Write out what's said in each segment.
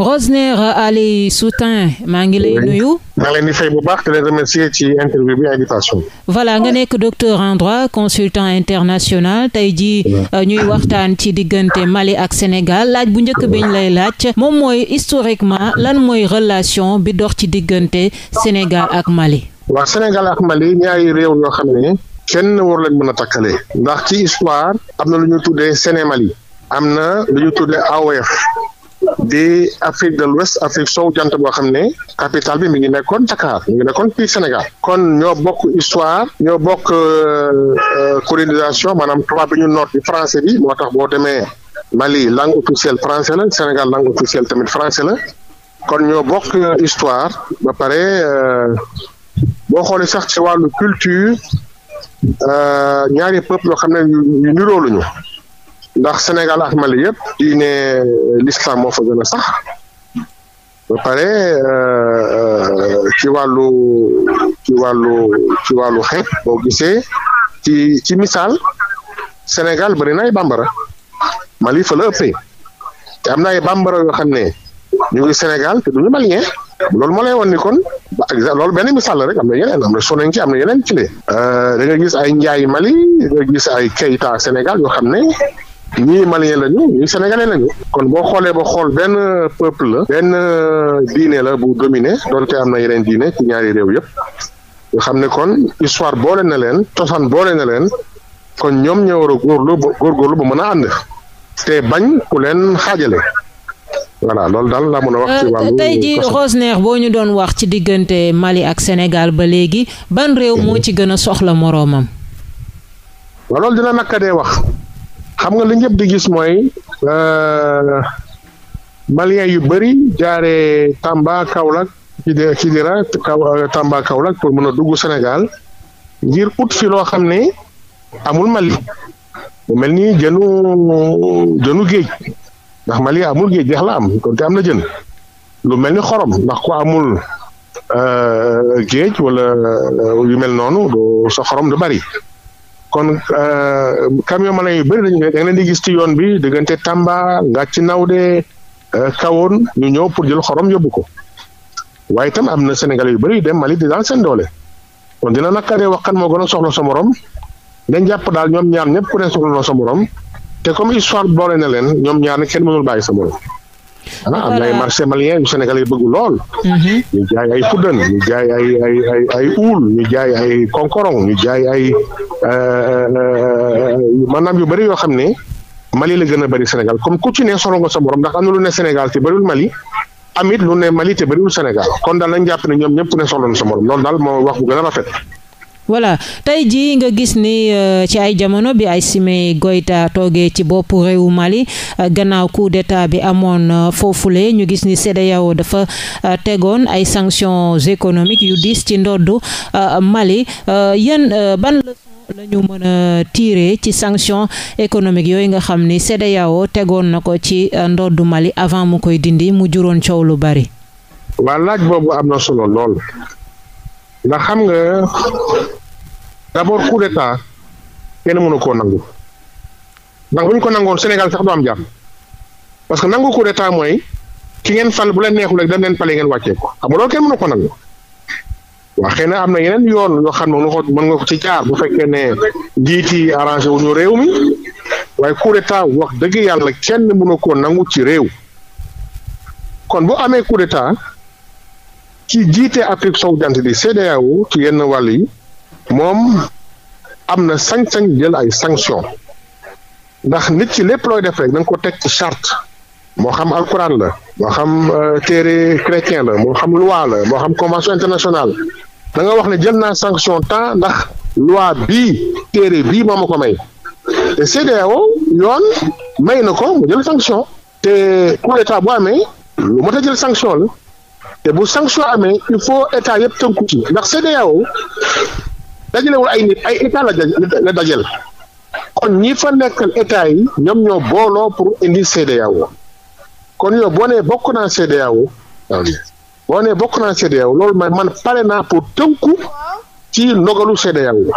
Rosner Ali Soutin maa ngi lay nuyu. bu baax te nga nekk docteur en droit consultant international tey jii euh, ñuy waxtaan ci diggante Mali ak Sénégal laaj bu njëkk bi lay laaj moom mooy historiquement lan mooy relation bi dox ci diggante Sénégal ak Mali. waa Sénégal ak Mali ñaari réew yoo xam ne kenn war leen mën a takkalee. ndax ci histoire am na lu ñu tuddee Séné Mali am na lu ñu tuddee AOF. di Afrique de l'Ouest Afrique sow jant boo xam ne capital bi mi ngi nekkoon Dakar mi ngi nekkoon fii Sénégal kon ñoo bokk histoire ñoo bokk euh, colonisation maanaam tubaab bi ñu noot bi français bi moo tax boo demee Mali langue officielle français la Sénégal langue officielle tamit français la kon ñoo bokk histoire ba pare euh, boo xoolee sax ci wàllu culture euh, ñaari peuple yoo xam ne ñu nirooluñu ndax Sénégal ak Mali yëpp diine euh, l'islam moo fa gën sax ba pare euh, euh, ci wàllu ci wàllu ci wàllu xeet boo gisee ci ci misaal Sénégal bëri na ay bambara Mali fa la ëppee te am na ay bambara yoo xam ne ñu ngi Sénégal te duñu malien loolu moo lay woon ni kon ba benn misaal la rek am na yeneen am na Soninké am na yeneen ci lee da nga gis ay Njaay Mali da nga gis ay Keita Sénégal yoo xam ne ñii malien lañu ñii sénégalais lañu kon boo xoolee ba xool benn peuple la benn euh, diine la bu dominé doonte am na yeneen diine ci ñaari réew yëpp nga xam ne kon histoire boole na leen cosaan boole na leen kon ñoom ñoo war a góorlu góorgóorlu ba mën a ànd te bañ ku leen xaajale voilà loolu daal laa mën a wax ci euh, wàllu tey jii boo ñu doon wax ci diggante Mali ak senegal ba léegi ban réew moo ci gën a soxla moroomam. waaw loolu dina naka dee wax. xam nga li ñëpp di gis mooy euh, maliens yu bari jaaree Tamba Kaolack Kidira Kidira euh, Tamba Kaolack pour mën a dugg Sénégal ngir ut fi loo xam ne amul Mali mu mel ni jënu jënu géej ndax Mali amul géej jeex la am kon te am na jën lu mel ni xorom ndax ku amul euh, géej wala yu mel noonu sa xorom du bari kon euh, camion malien yu bëri dañu da nga leen di gis ci yoon bi diggante Tamba Ngàcc Nawde Kawoon ñu ñëw pour jël xorom yóbbu ko waaye tam am na Sénégalais yu bari yu dem Mali di daan seen doole kon dina nakkaree wax kan moo gën a soxla sa morom dañ jàpp daal ñoom ñaar ñëpp ku ne soxla na sa morom te comme histoire boole na leen ñoom ñaar ne kenn mënul bàyyi sa morom. am na ay marché malien yu Sénégal yi bëgg lool. ñu mhm. jaay ay fuddan ñu jaay ay ay ay uul ñu jaay ay konkorong ñu jaay ay eh, eh, eh, maanaam yu bëri yoo xam ne Mali la gën a bëri Sénégal comme ku ci ne solo nga sa borom ndax am na lu ne Sénégal te bëriwul Mali. amit lu ne Mali te bëriwul Sénégal kon daal nañ jàpp ne ñoom ñëpp ne soxla na sa morom loolu daal moo wax bu gën a rafet voilà tey jii nga gis ni euh, ci ay jamono bi ay Assimi Goïta toogee ci boppu réewu Mali euh, gannaaw coup d'état bi amoon euh, foofule ñu gis ni CEDEAO dafa tegoon ay sanctions économiques yu diis ci ndoddu Mali yan ban la mën a tirer ci sanctions économiques yooyu nga xam ni CEDEAO tegoon na ko ci ndoddu Mali avant mu koy dindi mu juróon coow lu bari. waa laaj boobu am na solo lool. ndax xam nga d'abord coup d'état kenn mënu koo nangu ndax bu ñu ko nangoon Sénégal sax du am jàmm parce que nangu coup d'état mooy ki ngeen fal bu leen neexul rek dem leen pale ngeen wàccee ko xam nga loolu kenn mënu ko nangu waa xëy na am na yeneen yoon yoo xam ne mën nga mën nga ko ci jaar bu fekkee ne njiit yi arrangé wuñu réew mi waaye coup d'état wax dëgg yàlla kenn mënu koo nangu ci réew kon bu amee coup d'état ci jiitee Afrique sowu jant di CEDEAO ci yenn wàll yi moom am na sañ-sañ jël ay sanction ndax nit ci lépp looy def rek da nga ko teg ci charte moo xam alquran la moo xam euh, téere chrétien la moo xam loi la moo xam convention internationale da nga wax ne jël naa sanction temps ndax loi bi téere bii moom ma ko may te CEDEAO yoon may na ko mu jël sanction te coup d'état bu amee lu mot jël sanction la te bu sanction amee il faut état yëpp tënku ci ndax CEDEAO dajalewul ay nit ay état la dajal kon ñi fa nekkal état yi ñoom ñoo booloo pour indi CEDEAO kon yow boo nee bokk naa CEDEAO ah boo nee bokk naa CEDEAO loolu man man pare naa pour tënku ci ndogalu CEDEAO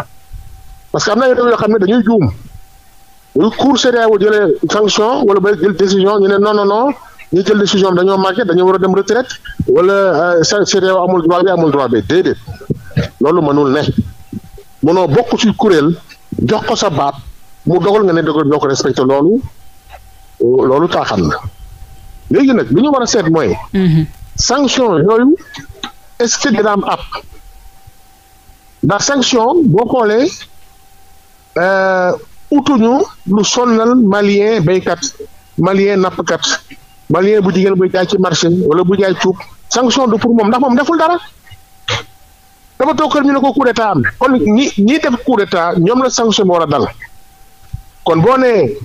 parce que am na réew yoo xam ne dañuy juum bu cour CEDEAO jëlee sanction wala ba jël décision ñu ne ñi jël décision dañoo manqué dañoo war a dem retraite wala euh, sa si réew amul droit bi amul droit bi déedéet loolu mënul ne mënoo bokk ci kuréel jox ko sa baat mu dogal nga ne dogal doo ko respecté loolu loolu taaxan la léegi nag li ñu war a seet mooy. Mm-hmm. sanction yooyu est-ce que dina am ab ndax sanction boo xoolee euh, utuñu lu sonnal malien béykat malien nappkat. malien bu jigéen buy jaay ci marché wala bu jaay cuub sanction du pour moom ndax moom deful dara dafa toog kër ñu ne ko coup am kon ñi ñi def coup ñoom la sanction bi war a dal kon boo nee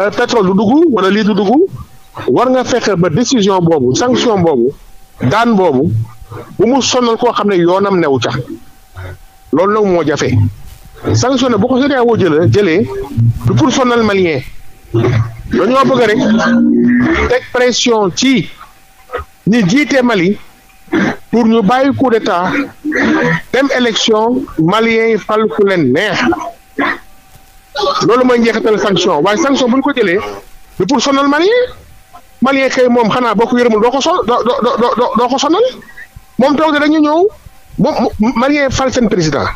euh, pétrole du dugg wala lii du dugg war nga fexe ba décision boobu sanction boobu daan boobu bu mu sonal koo xam ne yoonam newu ca loolu nag moo jafe sanctionné boo ko woo jëlee jëlee du pour sonal malien wa bëgg rek teg pression ci ñi jiite Mali pour ñu bàyyi coup d'état dem élection malien yi fal ku leen neex loolu mooy njeexital sanction waaye sanction bu ñu ko jëlee du pour sonal malien malien kay moom xanaa boo ko yërëmul doo ko so doo doo ko sonal moom toog de dañu ñëw moom malien fal seen président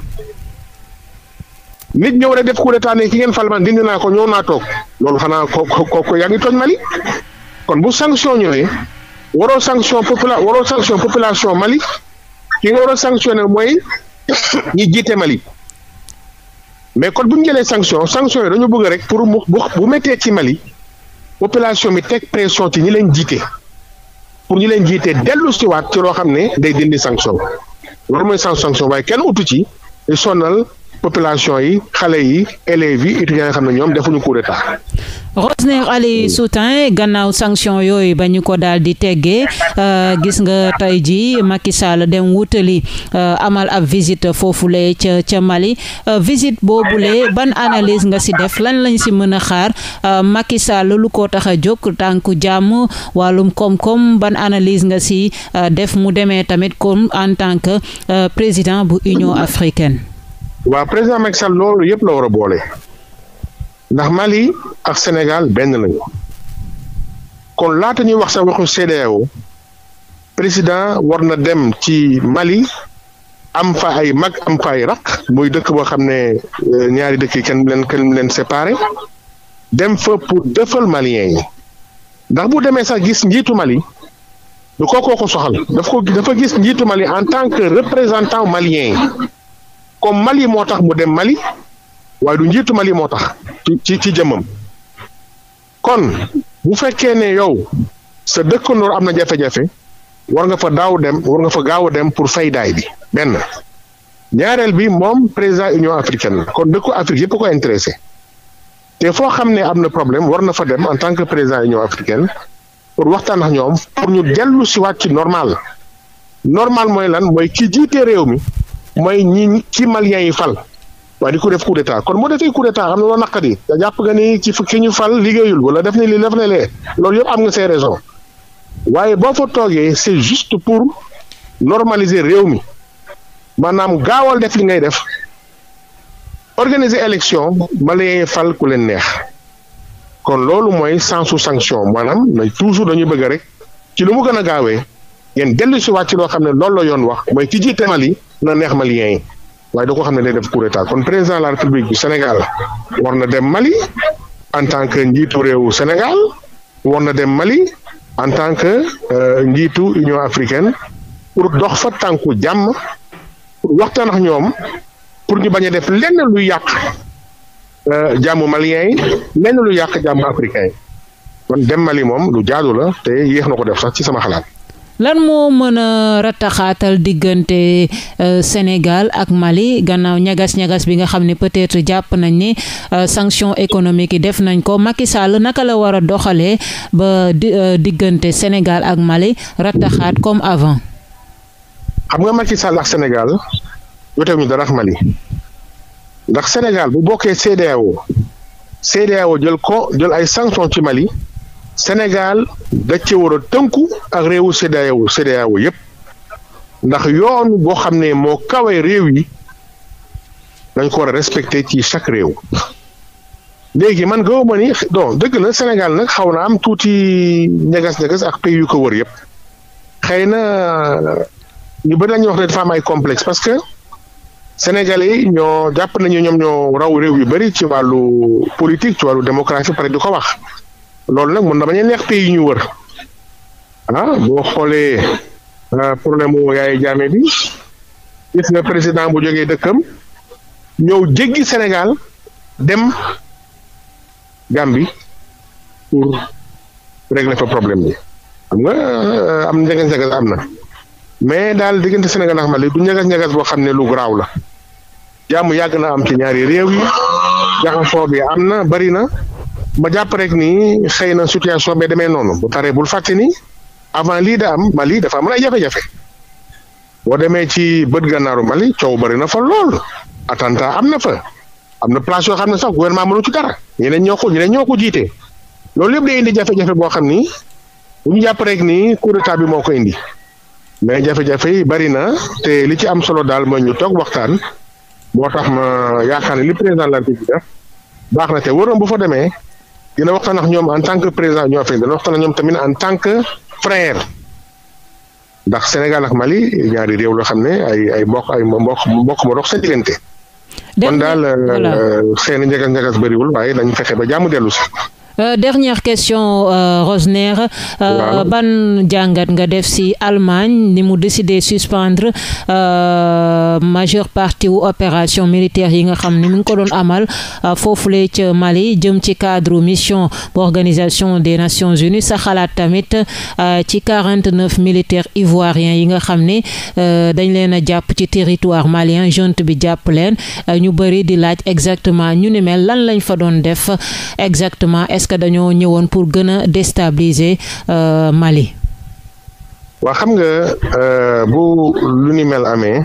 nit ñëw rek def coup d'état ne ki ngeen fal man dindi naa ko ñëw naa toog loolu xanaa ko ko ko yaa ngi tooñ Mali kon bu sanction ñëwee waroo sanction popula waroo sanction population Mali ki nga war a mooy ñi jiite Mali mais kon bu ñu jëlee sanction sanction yi dañu bëgg rek pour mu bu mettee ci Mali population bi teg pression ci ñi leen jiite pour ñi leen jiite dellu si ci loo xam ne day dindi sanction loolu mooy sanction waaye kenn utu ci sonal. population yi xale yi élèves yi étudiants yi xam ne ñoom defuñu coup d'état. Rosner Ali Soutin gannaaw sanction yooyu ba ñu ko daal di teggee euh, gis nga tey ji Macky Sall dem wutali euh, amal ab visite foofule ca ca Mali euh, visite boobule ban analyse nga si def lan lañ si mën a xaar Macky Sall lu ko tax a jóg tànku jàmm wàllum koom-koom ban analyse nga si def mu demee tamit comme en tant que président bu Union africaine. waa président Macky Sall loolu yëpp la war a boole ndax Mali ak Sénégal benn lañu kon laata ñuy wax sa waxu CEDEAO président war na dem ci Mali am fa ay mag am fa ay rakk muy dëkk boo xam ne euh, ñaari dëkk yi kenn leen kenn leen séparé dem fa pour defal maliens yi ndax bu demee sax gis njiitu Mali du kookoo ko soxal daf ko dafa gis njiitu Mali en tant que représentant malien yi comme Mali moo tax mu dem Mali waaye du njiitu Mali moo tax ci ci jëmmam kon bu fekkee ne yow sa dëkkandoor am na jafe-jafe war nga fa daaw dem war nga fa gaaw a dem pour fay daay bi benn ñaareel bi moom président Union africaine la kon dëkku Afrique yëpp ko intéressé te foo xam ne am na problème war na fa dem en tant que président Union africaine pour waxtaan ak ñoom pour ñu dellu siwaat ci normal normal mooy lan mooy ki jiite réew mi mooy ñiiñ ci maliens yi fal waaye di ko def coup d'état kon moo defee coup d'état xam ne loo naqadi da jàpp nga ni ci ki ñu fal liggéeyul wala def na li def na lee loolu yëpp am nga ses raisons waaye boo fa toogee c'est juste pour normaliser réew mi maanaam gaawal def li ngay def organiser élection maliens yi fal ku leen neex kon loolu mooy sensu sanction maanaam na toujours dañuy bëgg rek ci lu mu gën a gaawee ngeen dellu si waat ci loo xam ne loolu la yoon wax mooy ki jiite Mali na neex malien yi waaye da ko xam ne day def coup d'état kon président de la république bu Sénégal war na dem Mali en tant que njiitu réewu Sénégal war na dem Mali en tant que euh, njiitu Union africaine pour dox fa tànku jàmm pour waxtaan ak ñoom pour ñu bañ a def lenn lu yàq euh, jàmmu malien yi lenn lu yàq jàmm africain yi kon dem Mali moom lu jaadu la te yéex na ko def sax ci sama xalaat. lan moo mën a rataxaatal diggante euh, Sénégal ak Mali gannaaw ñagas-ñagas bi nga xam ne peut-être jàpp nañ ni euh, sanction économique yi def nañ ko Macky Sall naka la war a doxalee ba euh, diggante Sénégal ak Mali rataxaat comme avant. xam nga Macky Sall ak Sénégal jotewuñu dara ak Mali ndax Sénégal bu bokkee CEDEAO CEDEAO jël ko jël ay sanctions ci Mali. Sénégal da ci war a tënku ak réewu CEDEAO CEDEAO yëpp ndax yoon boo xam ne moo kawee réew yi dañ ko war a respecté ci chaque réew léegi man gaw ma ni don dëgg la Sénégal na xaw na am tuuti ñagas-ñagas ak pays yu ko wër yëpp xëy na ñu bëri lañuy wax ne dafa am ay complexe parce que Sénégalais yi ñoo jàpp nañu ñoom ñoo raw réew yu bëri ci wàllu politique ci wàllu démocratie pare di ko wax loolu nag mun dama ñuy neex pays yi ñu wër ah boo xoolee ah, problème mu yaay jaame bi gis nga président bu jógee dëkkam ñëw jéggi Sénégal dem Gambie pour régler fa problème bi xam nga ah, am njagas njagas am na mais daal diggante Sénégal ak Mali du njagas njagas boo xam ne lu raaw la jàmm yàgg na am ci ñaari réew yi jaxasoo bi am na bari na. ma jàpp rek ni xëy na situation bee demee noonu bu paree bul fàtte ni avant lii de am Mali dafa am ay jafe-jafe boo demee ci bët gannaaru Mali coow bari na fa lool attentat am na fa am na place yoo xam ne sax gouvernement mënu ci dara ñeneen ñoo ko ñeneen ñoo ko jiite loolu yëpp day indi jafe-jafe boo xam ni bu ñu jàpp rek ni coup d'état bi moo ko indi mais jafe-jafe yi bari na te li ci am solo daal mooy ñu toog waxtaan moo tax ma yaakaar ne li président de la République na te wóoroon bu fa demee. dina waxtaan nax ñoom en tant que président ñoo fekk dina waxtaan ak ñoom tamit en tant que frère ndax Sénégal ak Mali ñaari réew loo xam ne ay ay mbokk ay mbokk mbokk moo dox sa diggante. kon daal xëy na njagas njagas bëriwul waaye dañu fexe ba jàmm dellu si. Euh, dernière question euh, Rosner euh, ban jàngat nga def si Allemagne ni mu décidé suspendre majeure parti wu opération militaire yi nga xam ne mu ngi ko doon amal foofule ca Mali jëm ci cadre mission bu organisation des Nations Unies sa xalaat tamit ci quarante neuf militaires yi nga xam ne dañ leen a jàpp ci territoire malien junte bi jàpp leen ñu bëri di laaj exactement ñu ni mel lan lañ fa doon def exactement est que dañoo ñëwoon pour gën a déstabiliser euh, Mali. waa xam nga euh, bu lu ni mel amee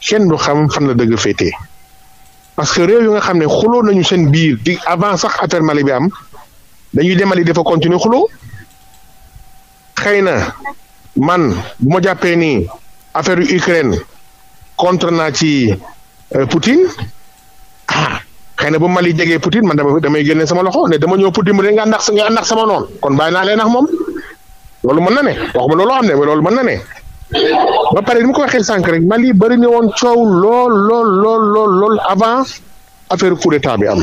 kenn du xam fan la dëgg féetee parce que réew yu nga xam ne xuloo nañu seen biir di avant sax affaire Mali bi am dañuy demali defa continuer xuloo xëy na man bu ma jàppee ni affaire yu Ukraine contre naa ci euh, Poutine ah xëy na bu Mali jegee Poutine man dama damay génne sama loxo ne dama ñëw Poutine mu ne nga àndax nga àndax sama noonu kon bàyyi naa leen ak moom loolu mën na ne waxuma loolu xam ne loolu mën na ne ba pare ni mu ko waxee sànq rek Mali bëri na woon coow lool lool lool lool lool avant affaire coup d'état bi am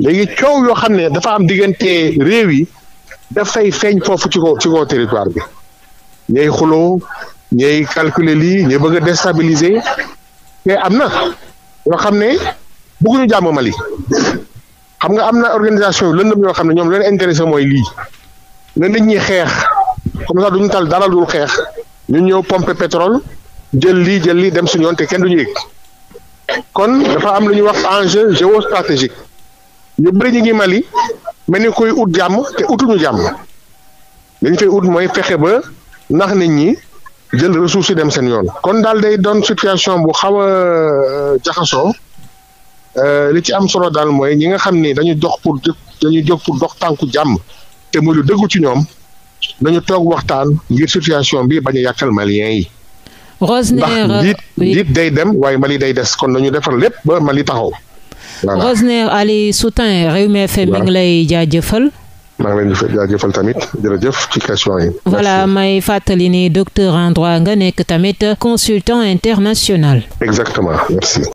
léegi coow yoo xam ne dafa am diggante réew yi dafay feeñ foofu ci ko ci ko territoire bi ñay xuloo ñay calculer lii ñay bëgg a déstabiliser te am na yoo xam ne. bëgguñu jàmm Mali xam nga am na organisation lëndëm yoo xam ne ñoom leen intéressé mooy lii ne nit ñi xeex comme ça duñu tal dara dul xeex ñu ñëw pompe pétrole jël lii jël lii dem suñu yoon te kenn duñu yëg kon dafa am lu ñuy wax enjeu géostratégique ñu bëri ñu ngi Mali mel ni koy ut jàmm te utuñu jàmm dañ fay ut mooy fexe ba ndax nit ñi jël ressources yi dem seen yoon kon daal day doon situation bu xaw a euh, jaxasoo Euh, li ci am solo daal mooy ñi nga xam ni dañu dox pour dañu jóg dox tànku jàmm te muy lu dëggu ci ñoom nañu toog waxtaan ngir situation bi bañu a yàqal maliens yi. Rosner ndax euh, njiit day dem waaye Mali day des kon nañu defar lépp ba Mali taxaw. voilà Rosner Ali Soutin Rewmi FM mi ngi lay jaajëfal. maa ngi leen di tamit jërëjëf ci question yi. voilà may fàttali ni docteur en nga nekk tamit consultant international. exactement